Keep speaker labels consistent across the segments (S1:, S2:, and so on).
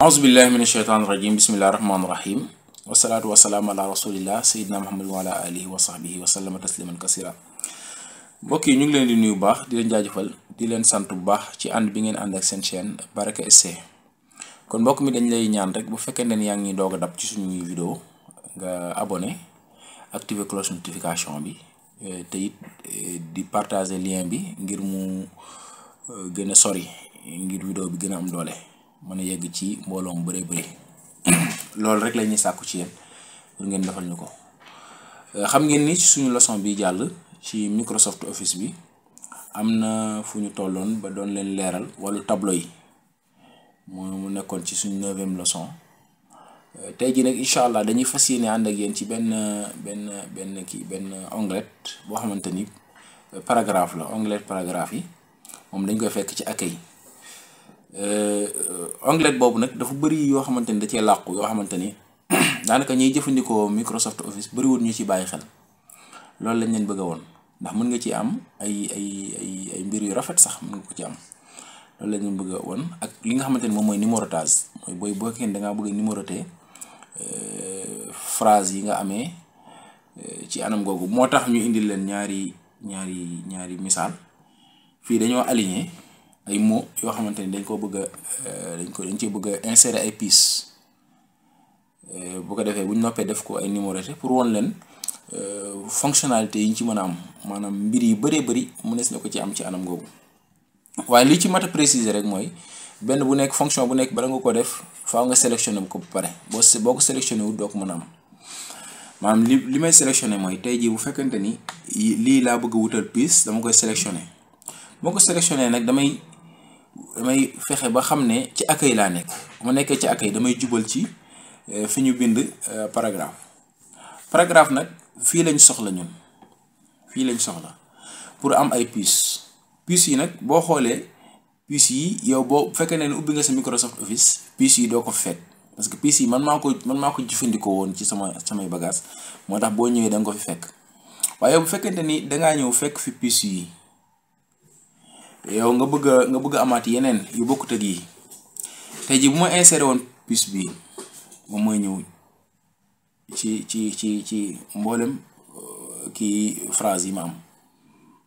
S1: aousubillahi min asheytaan irajim bismillahi rahmaani rahim wasalaatu wasalaam ala rasulillah sayidina muhammad wa ala alihi wa sahbihi wasallama tasliman kasira mbokk yi ñu ngi leen di nuyu baax di leen jaajëfal di leen sant bu baax ci ànd bi ngeen ànd ak seen chaîne Baraka kon mbokk mi dañ lay ñaan rek bu fekkente ne yaa ngi doog a dab ci suñuy vidéo nga abone activer cloche notification bi euh, te it euh, di partager lien bi ngir mu euh, gën a sori ngir vidéo bi gën a am doole mën a yegg ci mbooloo mu bëree bëri loolu rek la ñuy sàkku ci yéen pour ngeen defal ñu ko euh, xam ngeen ni ci suñu leçon bi jàll ci Microsoft Office bi am na fu ñu tolloon ba doon leen leeral wallu tableau yi mu nekkoon ci suñu neuvième leçon euh, tey jii nag incha allah dañuy fas yéene ànd ak yéen ci benn benn benn kii benn onglet boo xamante ni euh, paragraphe la onglet paragraphe yi moom dañ koy fekk ci accueil onglet euh, boobu nag dafa bëri yoo xamante ni da cee làqu yoo xamante ni daanaka ñuy jëfandikoo Microsoft Office bëriwul ñu ci bàyyi xel loolu lañ leen bëgg a woon ndax mën nga ci am ay ay ay ay mbir yu rafet sax mën nga ko ci am loolu la ñu bëgg a woon ak li nga xamante ni moom mooy numérotage mooy booy boo kenn da ngaa bëgg a numéroter euh, phrase yi nga amee euh, ci anam googu moo tax ñu indil leen ñaari ñaari ñaari misaal fii dañoo aligné. ay mots yoo xamante ni dañ ko bëgg a euh, dañ ko dañ cee bëgg a insérer ay pièces euh, bu ko defee bu ñu noppee def ko ay numéroté pour won leen euh, fonctionnalité yi ñu ci mën a am maanaam mbir yu bëree bëri mënees na ko ci am ci anam googu waaye li ci mat a préciser rek mooy benn bu nekk fonction bu nekk bala nga ko def faaw nga sélectionné bu ko bu pare boo boo ko sélectionné wut doo ko mën a am maanaam li li may sélectionné mooy tey jii bu fekkente ni lii laa bëgg wutal pièce dama koy sélectionné damay fexe ba xam ne ci accueil laa nekk bu ma nekkee ci accueil damay jubal ci euh, fi ñu bind euh, paragraphe paragraphe nag fii lañ soxla ñun fii lañ soxla pour am ay puces puces yi nag boo xoolee puces yi yow boo fekkee ne ubbi nga sa Microsoft Office puces yi doo ko fekk parce que puces yi man maa ko man maa ko jëfandikoo woon ci sama samay bagage moo tax boo ñëwee da ko fi fekk waaye bu fekkente ni dangaa ñëw fekk fi puces yi yow nga bëgg nga bëgg a amaat yeneen yu bokkut ak yi tey jii bu ma insérer woon puce bii moom mooy ñëw ci ci ci ci mboolem euh, kii phrase yi ma am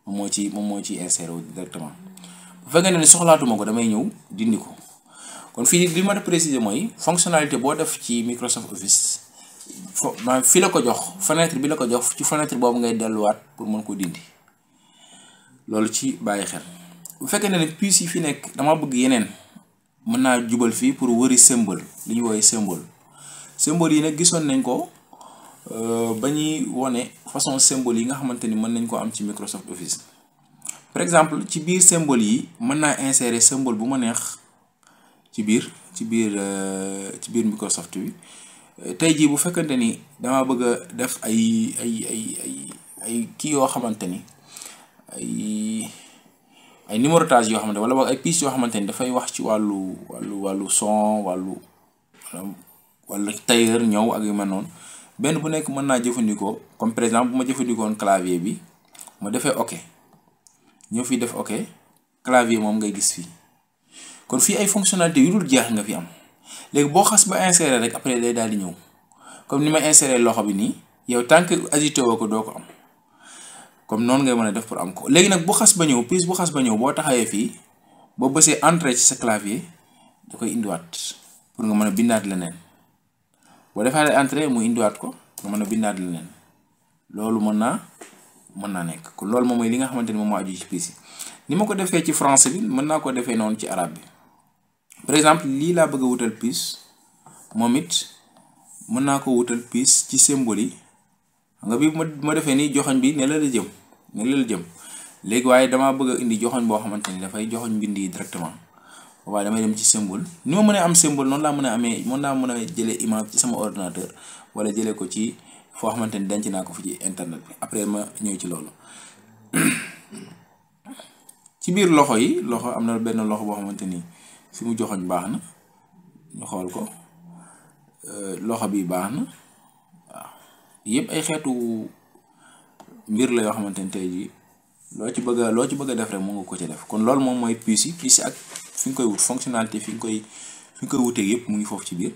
S1: moom moo ci moom moo ci insérer wu directement bu fekkee ne soxlaatuma ko damay ñëw dindi ko kon fii li ma a préciser mooy fonctionnalité boo def ci Microsoft Office. fo maanaam fii la ko jox fenêtre bi la ko jox ci fenêtre boobu ngay delluwaat pour mën koo dindi loolu ci bàyyi xel bu fekkee ne puces yi fi nekk damaa bëgg yeneen mën naa jubal fii pour wëri symbole li ñu woowee symbole symbole yi nag gisoon nañ ko euh, ba ñuy wone façon symbole yi nga xamante ni mën nañ koo am ci Microsoft Office par exemple ci biir symbole yi mën naa insérer symbole bu ma neex ci biir ci biir euh, ci biir Microsoft bi tey jii bu fekkante ni dama bëgg a def ay ay ay ay ay kii yoo xamante ni ay numérotage yoo xamante wala boog ay pièces yoo xamante ni dafay wax ci wàllu wàllu wàllu son wàllu wala tailleur ñëw ak yu noonu benn bu nekk mën naa jëfandikoo comme par exemple bu ma jëfandikoon clavier bi ma defee ok ñëw fii def ok clavier moom ngay gis fii kon fii ay fonctionnalité yu dul jeex nga fi am léegi boo xas ba insérer rek après day daal di ñëw comme ni ma insérer loxo bi nii yow tant que agité woo ko doo ko am. comme noonu ngay mën a def pour am ko léegi nag bu xas ba ñëw prise bu xas ba ñëw boo taxawee fii boo bësee entrée ci sa clavier da koy indiwaat pour nga mën a bindaat leneen boo defaatee entrée mu indiwaat ko nga mën a bindaat leneen loolu mën naa mën naa nekk kon loolu moom mooy li nga xamante ni moom moo aju ci ni ma ko defee ci bi mën naa ko defee noonu ci araab bi par exemple lii laa bëgg a wutal prise moom it mën naa ko wutal prise ci symbole yi nga bi ma ma defee nii joxoñ bi ne la la jëm mu ngi la jëm léegi waaye damaa bëgg indi joxoñ boo xamante ni dafay joxoñ mbind yi directement waaye damay dem ci symbole ni ma mën a am symbole noon laa mën a amee mën naa mën a jëlee image ci sama ordinateur wala jëlee ko ci foo xamante ni denc naa ko fi ci internet bi après ma ñëw ci loolu ci biir loxo yi loxo am na benn loxo boo xamante ni fi mu joxoñ baax na ñu xool ko euh, loxo bii baax na waaw yëpp ay xeetu. mbir la yoo xamante ni tey jii loo ci bëgg a loo ci bëgg def rek mën nga ko ci def kon loolu moom mooy puce yi puce ak fi nga koy wut fonctionnalité fi nga koy fi nga koy yëpp mu ngi foofu ci biir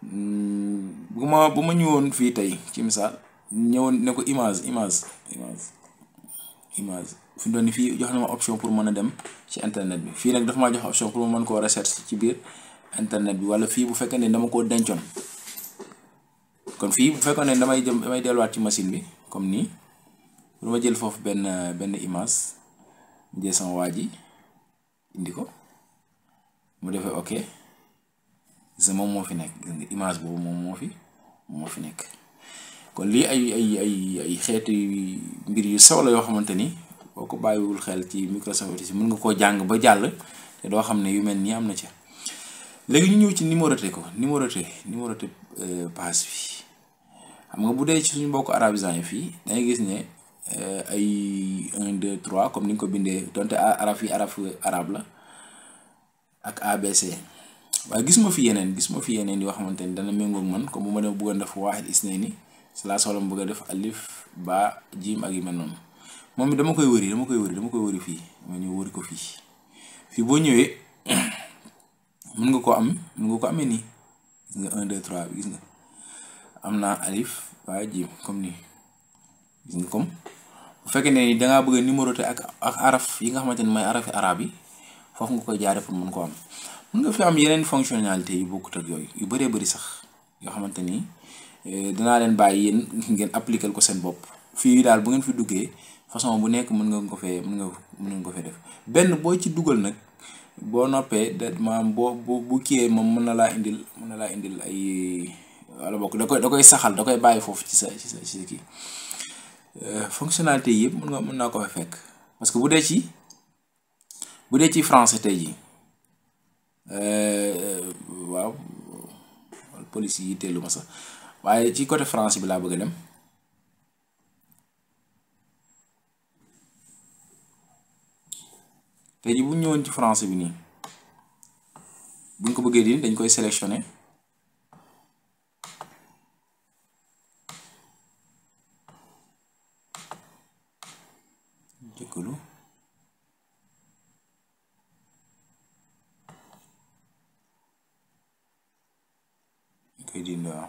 S1: hmm, ma bu ma ñëwoon fii tey ci misaal ñëwoon ne ko image image image image fi mu doon ni fii jox na ma option pour mën a dem ci internet bi fii nag dafa maa jox option pour ma mën koo recherche ci biir internet bi wala fii bu fekkee ne dama koo dencoon kon fii bu fekkoon ne damay jëm damay delluwaat ci machine bi comme nii pour ma jël foofu benn benn image mu jël sama waa ji indi ko mu defee ok gis moom moo fi nekk image boobu moom moo fi moo fi nekk kon lii ay ay ay ay xeetu mbir yu sawla yoo xamante ni boo ko bàyyiwul xel ci Microsoft Office mën nga koo jàng ba jàll te doo xam ne yu mel nii am na ca léegi ñu ñëw ci numéroté ko numéroté numéroté euh, page bi xam nga bu dee ci suñu mbokku arabisant yi fii dangay gis ne. Euh, ay 1 2 3 comme ni nga ko bindee donte araf yi araf arab la ak ABC waaye gis ma fi yeneen gis ma fi yeneen yoo xamante ni dana méngoog man comme bu ma dem bëggoon def waaxid isnayni salaas wala mu bëgg a def ba jiim ak yi mel noonu moom dama koy wëri dama koy wëri dama koy wëri fii ma ñëw wëri ko fii fii boo ñëwee mën nga ko am mën nga ko amee nii nga 1 2 3 bi gis nga am naa alif ba jiim comme nii. comme bu fekkee ne dangaa bëggee a numéroter ak ak araf yi nga xamante ne mooy arafi arab yi foofu nga koy jaare pour mën ko am mën nga fi am yeneen fonctionnalité yu bokkut ak yooyu yu bëree bëri sax yoo xamante ni eh, danaa leen bàyyi yéen ngeen appliquer ko seen bopp fii daal bu ngeen fi duggee façon bu nekk mën nga ko fee mën nga mën nga ko fee def benn boo ci dugal nag boo noppee da boo boo bu kiiyee moom mën na laa indil mën na laa indil ay wala bokk da koy da koy saxal da koy bàyyi foofu ci sa ci sa ci sa kii. Euh, fonctionnalité yëpp mën nga mën naa ko fa fekk parce que bu dee ci bu dee ci français tey jii euh, waaw police yi teelu ma sax waaye ci côté france bi laa bëgg a dem tey jii bu ñëwoon ci français bi nii buñ ko bëggee din dañ koy sélectionné keyti ndaw.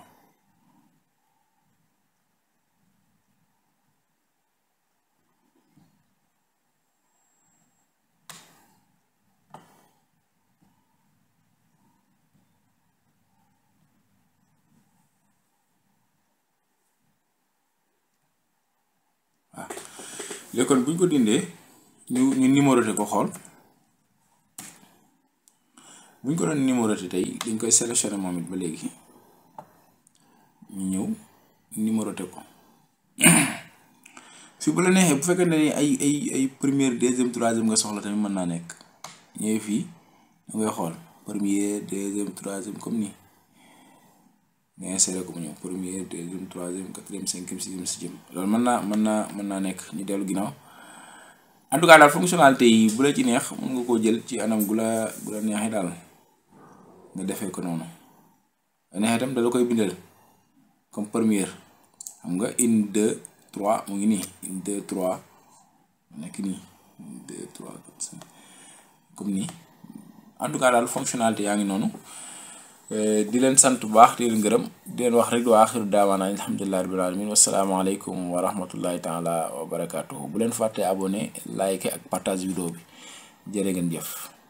S1: léegi ko dindee ñu ñu numéroté ko xool bu ko doon numéroté tey dañ koy sélectionné moom it ba léegi ñu ñëw teg ko si bu la neexee bu fekkee ne ay ay ay première deuxième troisième nga soxla tamit mën naa nekk ñëwee fii da ngay xool première deuxième troisième comme nii nga inséré ko mu ñëw première deuxième troisième quatrième cinquième sixième septième loolu mën naa mën naa mën naa nekk ñu dellu ginnaaw en tout cas daal fonctionnalité yi bu la ci neex mën nga koo jël ci anam gu la gu la neexee daal nga defee ko noonu neexee tam da la koy bindal. comme première xam nga une deux trois mu ngi nii une deux trois nekk nii comme nii en tout cas daal fonctionnalité yaa ngi noonu euh, di leen sant bu baax di leen gërëm di leen wax rek wa axiru daawaana alhamdulillahi rabbil alamin wasalaamaaleykum wa rahmatullahi taala wa barakaatuhu bu leen fàtte abonné like ak partage vidéo bi jërë ngeen jëf